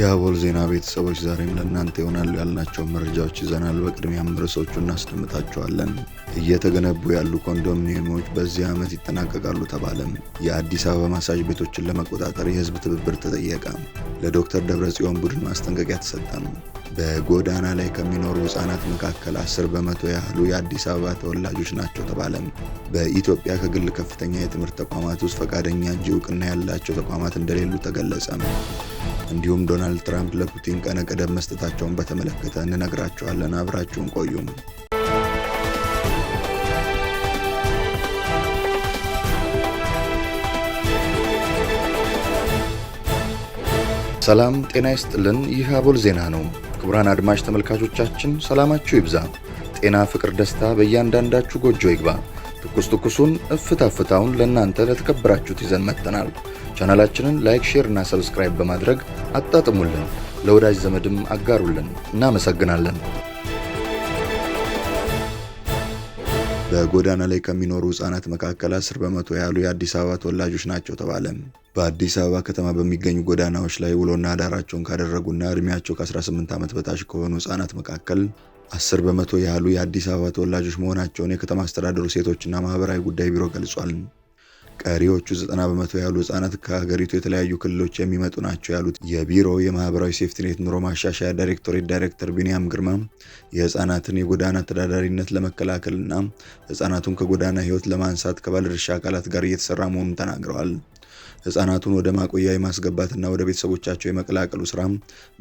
የአቦል ዜና ቤተሰቦች ዛሬም ለእናንተ ይሆናሉ ያልናቸውን መረጃዎች ይዘናል። በቅድሚያም ርዕሶቹ እናስደምጣቸዋለን። እየተገነቡ ያሉ ኮንዶሚኒየሞች በዚህ ዓመት ይጠናቀቃሉ ተባለም። የአዲስ አበባ ማሳጅ ቤቶችን ለመቆጣጠር የህዝብ ትብብር ተጠየቀ። ለዶክተር ደብረጽዮን ቡድን ማስጠንቀቂያ ተሰጠም። በጎዳና ላይ ከሚኖሩ ህጻናት መካከል 10 በመቶ ያህሉ የአዲስ አበባ ተወላጆች ናቸው ተባለም። በኢትዮጵያ ከግል ከፍተኛ የትምህርት ተቋማት ውስጥ ፈቃደኛ እንጂ እውቅና ያላቸው ተቋማት እንደሌሉ ተገለጸም። እንዲሁም ዶናልድ ትራምፕ ለፑቲን ቀነ ገደብ መስጠታቸውን በተመለከተ እንነግራችኋለን። አብራችሁን ቆዩም። ሰላም ጤና ይስጥልን። ይህ አቦል ዜና ነው። ክቡራን አድማጭ ተመልካቾቻችን ሰላማችሁ ይብዛ፣ ጤና፣ ፍቅር፣ ደስታ በእያንዳንዳችሁ ጎጆ ይግባ። ትኩስ ትኩሱን እፍታ ፍታውን ለእናንተ ለተከበራችሁት ይዘን መጥተናል። ቻናላችንን ላይክ፣ ሼር እና ሰብስክራይብ በማድረግ አጣጥሙልን፣ ለወዳጅ ዘመድም አጋሩልን። እናመሰግናለን። በጎዳና ላይ ከሚኖሩ ህጻናት መካከል 10 በመቶ ያሉ የአዲስ አበባ ተወላጆች ናቸው ተባለ። በአዲስ አበባ ከተማ በሚገኙ ጎዳናዎች ላይ ውሎና አዳራቸውን ካደረጉና እድሜያቸው ከ18 ዓመት በታች ከሆኑ ህጻናት መካከል 10 በመቶ ያሉ የአዲስ አበባ ተወላጆች መሆናቸውን የከተማ አስተዳደሩ ሴቶችና ማህበራዊ ጉዳይ ቢሮ ገልጿል። ቀሪዎቹ 90 በመቶ ያሉ ህጻናት ከሀገሪቱ የተለያዩ ክልሎች የሚመጡ ናቸው ያሉት የቢሮ የማህበራዊ ሴፍትኔት ኑሮ ማሻሻያ ዳይሬክቶሬት ዳይሬክተር ቢንያም ግርማ የህጻናትን የጎዳና ተዳዳሪነት ለመከላከልና ህጻናቱን ከጎዳና ህይወት ለማንሳት ከባለድርሻ አካላት ጋር እየተሰራ መሆኑን ተናግረዋል። ህጻናቱን ወደ ማቆያ የማስገባትና ወደ ቤተሰቦቻቸው የመቀላቀሉ ስራ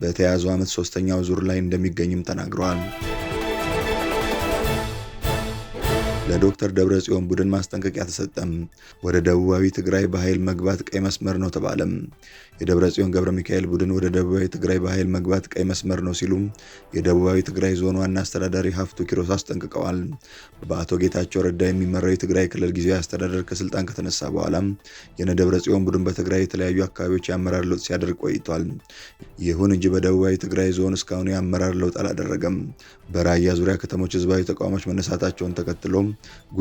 በተያያዘው ዓመት ሶስተኛው ዙር ላይ እንደሚገኝም ተናግረዋል። ለዶክተር ደብረጽዮን ቡድን ማስጠንቀቂያ ተሰጠም። ወደ ደቡባዊ ትግራይ በኃይል መግባት ቀይ መስመር ነው ተባለም። የደብረ ጽዮን ገብረ ሚካኤል ቡድን ወደ ደቡባዊ ትግራይ በኃይል መግባት ቀይ መስመር ነው ሲሉም የደቡባዊ ትግራይ ዞን ዋና አስተዳዳሪ ሀፍቱ ኪሮስ አስጠንቅቀዋል። በአቶ ጌታቸው ረዳ የሚመራው የትግራይ ክልል ጊዜያዊ አስተዳደር ከስልጣን ከተነሳ በኋላም የነ ደብረ ጽዮን ቡድን በትግራይ የተለያዩ አካባቢዎች የአመራር ለውጥ ሲያደርግ ቆይቷል። ይሁን እንጂ በደቡባዊ ትግራይ ዞን እስካሁን የአመራር ለውጥ አላደረገም። በራያ ዙሪያ ከተሞች ህዝባዊ ተቃውሞች መነሳታቸውን ተከትሎ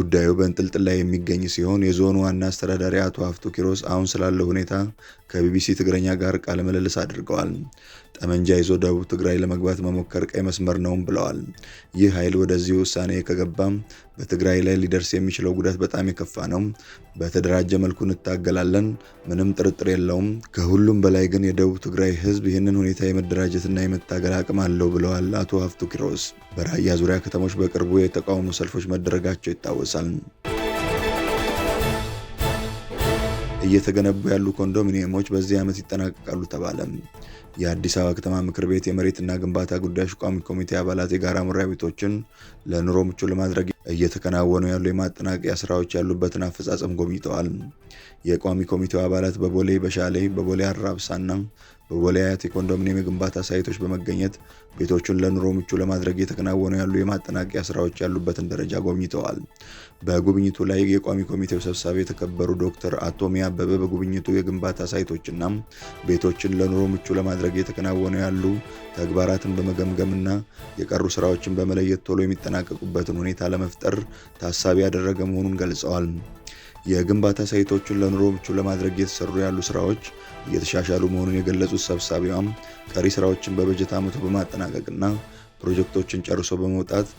ጉዳዩ በእንጥልጥል ላይ የሚገኝ ሲሆን የዞኑ ዋና አስተዳዳሪ አቶ ሀፍቱ ኪሮስ አሁን ስላለው ሁኔታ ከቢቢሲ ከትግረኛ ጋር ቃለ ምልልስ አድርገዋል። ጠመንጃ ይዞ ደቡብ ትግራይ ለመግባት መሞከር ቀይ መስመር ነውም ብለዋል። ይህ ኃይል ወደዚህ ውሳኔ ከገባም በትግራይ ላይ ሊደርስ የሚችለው ጉዳት በጣም የከፋ ነው። በተደራጀ መልኩ እንታገላለን፣ ምንም ጥርጥር የለውም። ከሁሉም በላይ ግን የደቡብ ትግራይ ህዝብ ይህንን ሁኔታ የመደራጀትና የመታገል አቅም አለው ብለዋል አቶ ሀፍቱ ኪሮስ። በራያ ዙሪያ ከተሞች በቅርቡ የተቃውሞ ሰልፎች መደረጋቸው ይታወሳል። እየተገነቡ ያሉ ኮንዶሚኒየሞች በዚህ ዓመት ይጠናቀቃሉ ተባለም። የአዲስ አበባ ከተማ ምክር ቤት የመሬትና ግንባታ ጉዳዮች ቋሚ ኮሚቴ አባላት የጋራ መኖሪያ ቤቶችን ለኑሮ ምቹ ለማድረግ እየተከናወኑ ያሉ የማጠናቀቂያ ስራዎች ያሉበትን አፈጻጸም ጎብኝተዋል። የቋሚ ኮሚቴው አባላት በቦሌ በሻሌ፣ በቦሌ አራብሳና በቦሌ አያት የኮንዶሚኒየም የግንባታ ሳይቶች በመገኘት ቤቶቹን ለኑሮ ምቹ ለማድረግ እየተከናወኑ ያሉ የማጠናቀቂያ ስራዎች ያሉበትን ደረጃ ጎብኝተዋል። በጉብኝቱ ላይ የቋሚ ኮሚቴው ሰብሳቢ የተከበሩ ዶክተር አቶሚ አበበ በጉብኝቱ የግንባታ ሳይቶችና ቤቶችን ለኑሮ ምቹ ለማድረግ ለማድረግ የተከናወኑ ያሉ ተግባራትን በመገምገምና የቀሩ ስራዎችን በመለየት ቶሎ የሚጠናቀቁበትን ሁኔታ ለመፍጠር ታሳቢ ያደረገ መሆኑን ገልጸዋል። የግንባታ ሳይቶቹን ለኑሮ ምቹ ለማድረግ እየተሰሩ ያሉ ስራዎች እየተሻሻሉ መሆኑን የገለጹት ሰብሳቢዋም ቀሪ ስራዎችን በበጀት ዓመቱ በማጠናቀቅና ፕሮጀክቶችን ጨርሶ በመውጣት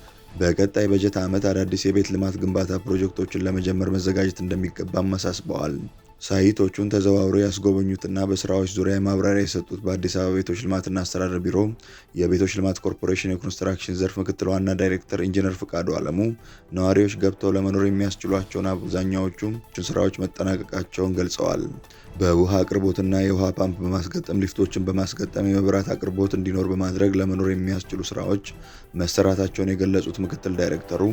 በቀጣይ በጀት ዓመት አዳዲስ የቤት ልማት ግንባታ ፕሮጀክቶችን ለመጀመር መዘጋጀት እንደሚገባም አሳስበዋል። ሳይቶቹን ተዘዋውረው ያስጎበኙትና በስራዎች ዙሪያ ማብራሪያ የሰጡት በአዲስ አበባ ቤቶች ልማትና አስተዳደር ቢሮ የቤቶች ልማት ኮርፖሬሽን የኮንስትራክሽን ዘርፍ ምክትል ዋና ዳይሬክተር ኢንጂነር ፍቃዱ አለሙ ነዋሪዎች ገብተው ለመኖር የሚያስችሏቸውን አብዛኛዎቹ ስራዎች መጠናቀቃቸውን ገልጸዋል። በውሃ አቅርቦትና የውሃ ፓምፕ በማስገጠም ሊፍቶችን በማስገጠም የመብራት አቅርቦት እንዲኖር በማድረግ ለመኖር የሚያስችሉ ስራዎች መሰራታቸውን የገለጹት ምክትል ዳይሬክተሩ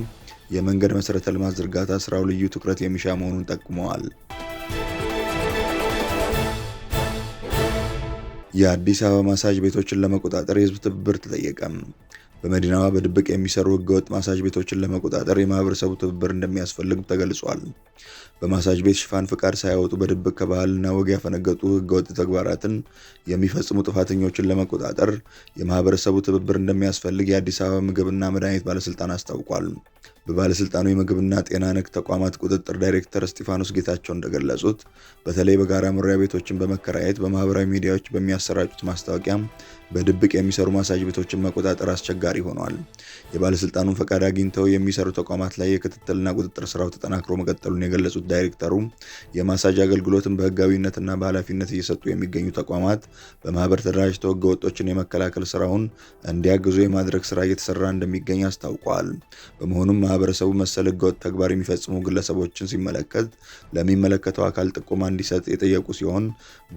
የመንገድ መሰረተ ልማት ዝርጋታ ስራው ልዩ ትኩረት የሚሻ መሆኑን ጠቁመዋል። የአዲስ አበባ ማሳጅ ቤቶችን ለመቆጣጠር የህዝብ ትብብር ተጠየቀ በመዲናዋ በድብቅ የሚሰሩ ህገወጥ ማሳጅ ቤቶችን ለመቆጣጠር የማህበረሰቡ ትብብር እንደሚያስፈልግ ተገልጿል። በማሳጅ ቤት ሽፋን ፍቃድ ሳያወጡ በድብቅ ከባህልና ወግ ያፈነገጡ ህገወጥ ተግባራትን የሚፈጽሙ ጥፋተኞችን ለመቆጣጠር የማህበረሰቡ ትብብር እንደሚያስፈልግ የአዲስ አበባ ምግብና መድኃኒት ባለስልጣን አስታውቋል። በባለስልጣኑ የምግብና ጤና ነክ ተቋማት ቁጥጥር ዳይሬክተር እስጢፋኖስ ጌታቸው እንደገለጹት በተለይ በጋራ መኖሪያ ቤቶችን በመከራየት በማህበራዊ ሚዲያዎች በሚያሰራጩት ማስታወቂያ በድብቅ የሚሰሩ ማሳጅ ቤቶችን መቆጣጠር አስቸጋሪ ሆኗል። የባለሥልጣኑን ፈቃድ አግኝተው የሚሰሩ ተቋማት ላይ የክትትልና ቁጥጥር ስራው ተጠናክሮ መቀጠሉን የገለጹት ዳይሬክተሩ የማሳጅ አገልግሎትን በህጋዊነትና በኃላፊነት እየሰጡ የሚገኙ ተቋማት በማህበር ተደራጅተው ህገወጦችን የመከላከል ስራውን እንዲያግዙ የማድረግ ስራ እየተሰራ እንደሚገኝ አስታውቋል። በመሆኑም ማህበረሰቡ መሰል ህገወጥ ተግባር የሚፈጽሙ ግለሰቦችን ሲመለከት ለሚመለከተው አካል ጥቆማ እንዲሰጥ የጠየቁ ሲሆን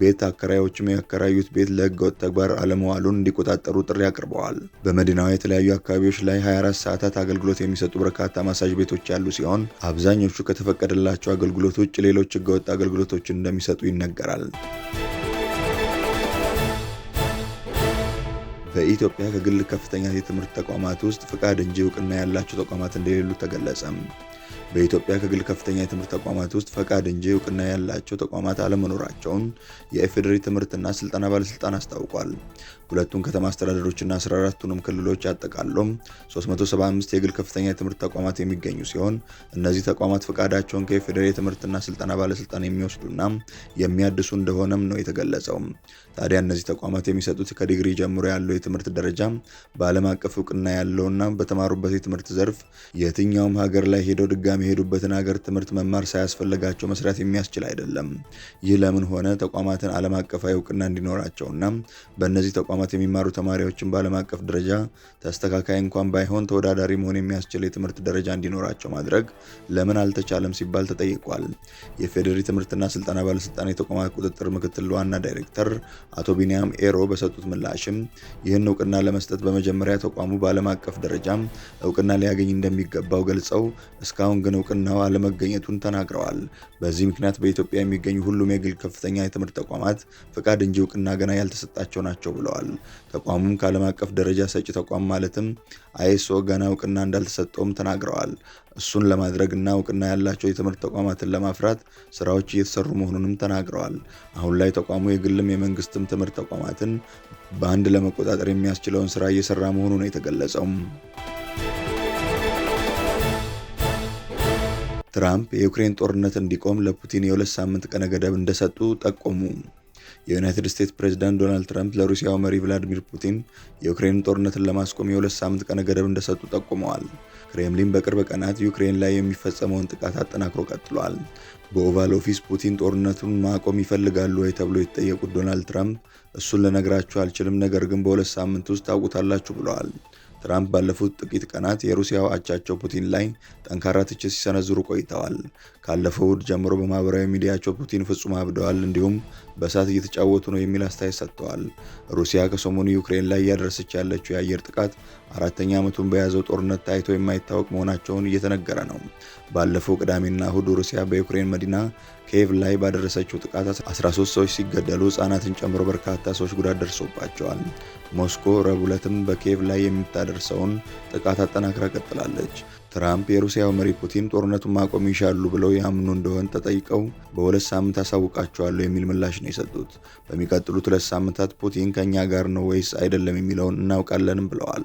ቤት አከራዮችም ያከራዩት ቤት ለህገወጥ ተግባር አለመዋሉን እንዲቆጣጠሩ ጥሪ አቅርበዋል። በመዲናዋ የተለያዩ አካባቢዎች ላይ 24 ሰዓታት አገልግሎት የሚሰጡ በርካታ ማሳጅ ቤቶች ያሉ ሲሆን አብዛኞቹ ከተፈቀደላቸው አገልግሎት ውጭ ሌሎች ህገወጥ አገልግሎቶችን እንደሚሰጡ ይነገራል። በኢትዮጵያ ከግል ከፍተኛ የትምህርት ተቋማት ውስጥ ፍቃድ እንጂ እውቅና ያላቸው ተቋማት እንደሌሉ ተገለጸ። በኢትዮጵያ ከግል ከፍተኛ የትምህርት ተቋማት ውስጥ ፈቃድ እንጂ እውቅና ያላቸው ተቋማት አለመኖራቸውን የኢፌዴሪ ትምህርትና ስልጠና ባለስልጣን አስታውቋል። ሁለቱን ከተማ አስተዳደሮችና 14ቱንም ክልሎች ያጠቃሎም 375 የግል ከፍተኛ የትምህርት ተቋማት የሚገኙ ሲሆን እነዚህ ተቋማት ፈቃዳቸውን ከኢፌዴሪ የትምህርትና ስልጠና ባለስልጣን የሚወስዱና የሚያድሱ እንደሆነም ነው የተገለጸው። ታዲያ እነዚህ ተቋማት የሚሰጡት ከዲግሪ ጀምሮ ያለው የትምህርት ደረጃ በዓለም አቀፍ እውቅና ያለውና በተማሩበት የትምህርት ዘርፍ የትኛውም ሀገር ላይ ሄደው ድጋሚ በሰላም የሄዱበትን ሀገር ትምህርት መማር ሳያስፈልጋቸው መስራት የሚያስችል አይደለም። ይህ ለምን ሆነ? ተቋማትን ዓለም አቀፋዊ እውቅና እንዲኖራቸውና በእነዚህ ተቋማት የሚማሩ ተማሪዎችን በዓለም አቀፍ ደረጃ ተስተካካይ እንኳን ባይሆን ተወዳዳሪ መሆን የሚያስችል የትምህርት ደረጃ እንዲኖራቸው ማድረግ ለምን አልተቻለም ሲባል ተጠይቋል። የፌዴሪ ትምህርትና ስልጠና ባለስልጣን የተቋማት ቁጥጥር ምክትል ዋና ዳይሬክተር አቶ ቢኒያም ኤሮ በሰጡት ምላሽም ይህን እውቅና ለመስጠት በመጀመሪያ ተቋሙ በዓለም አቀፍ ደረጃ እውቅና ሊያገኝ እንደሚገባው ገልጸው እስካሁን ግን እውቅናው አለመገኘቱን ተናግረዋል። በዚህ ምክንያት በኢትዮጵያ የሚገኙ ሁሉም የግል ከፍተኛ የትምህርት ተቋማት ፍቃድ እንጂ እውቅና ገና ያልተሰጣቸው ናቸው ብለዋል። ተቋሙም ከዓለም አቀፍ ደረጃ ሰጪ ተቋም ማለትም አይሶ ገና እውቅና እንዳልተሰጠውም ተናግረዋል። እሱን ለማድረግ እና እውቅና ያላቸው የትምህርት ተቋማትን ለማፍራት ስራዎች እየተሰሩ መሆኑንም ተናግረዋል። አሁን ላይ ተቋሙ የግልም የመንግስትም ትምህርት ተቋማትን በአንድ ለመቆጣጠር የሚያስችለውን ስራ እየሰራ መሆኑ ነው የተገለጸው። ትራምፕ የዩክሬን ጦርነት እንዲቆም ለፑቲን የሁለት ሳምንት ቀነ ገደብ እንደሰጡ ጠቆሙ። የዩናይትድ ስቴትስ ፕሬዝዳንት ዶናልድ ትራምፕ ለሩሲያው መሪ ቭላዲሚር ፑቲን የዩክሬን ጦርነትን ለማስቆም የሁለት ሳምንት ቀነ ገደብ እንደሰጡ ጠቁመዋል። ክሬምሊን በቅርብ ቀናት ዩክሬን ላይ የሚፈጸመውን ጥቃት አጠናክሮ ቀጥሏል። በኦቫል ኦፊስ ፑቲን ጦርነቱን ማቆም ይፈልጋሉ ወይ ተብሎ የተጠየቁት ዶናልድ ትራምፕ እሱን ልነግራችሁ አልችልም፣ ነገር ግን በሁለት ሳምንት ውስጥ ታውቁታላችሁ ብለዋል። ትራምፕ ባለፉት ጥቂት ቀናት የሩሲያው አቻቸው ፑቲን ላይ ጠንካራ ትችት ሲሰነዝሩ ቆይተዋል። ካለፈው እሁድ ጀምሮ በማህበራዊ ሚዲያቸው ፑቲን ፍጹም አብደዋል፣ እንዲሁም በእሳት እየተጫወቱ ነው የሚል አስተያየት ሰጥተዋል። ሩሲያ ከሰሞኑ ዩክሬን ላይ እያደረሰች ያለችው የአየር ጥቃት አራተኛ ዓመቱን በያዘው ጦርነት ታይቶ የማይታወቅ መሆናቸውን እየተነገረ ነው። ባለፈው ቅዳሜና እሁድ ሩሲያ በዩክሬን መዲና ኬቭ ላይ ባደረሰችው ጥቃት 13 ሰዎች ሲገደሉ ሕጻናትን ጨምሮ በርካታ ሰዎች ጉዳት ደርሶባቸዋል። ሞስኮ ረቡዕ ዕለትም በኬቭ ላይ የሚታ። የምታደርሰውን ጥቃት አጠናክራ ቀጥላለች። ትራምፕ የሩሲያው መሪ ፑቲን ጦርነቱን ማቆም ይሻሉ ብለው ያምኑ እንደሆን ተጠይቀው በሁለት ሳምንት አሳውቃቸዋለሁ የሚል ምላሽ ነው የሰጡት። በሚቀጥሉት ሁለት ሳምንታት ፑቲን ከእኛ ጋር ነው ወይስ አይደለም የሚለውን እናውቃለንም ብለዋል።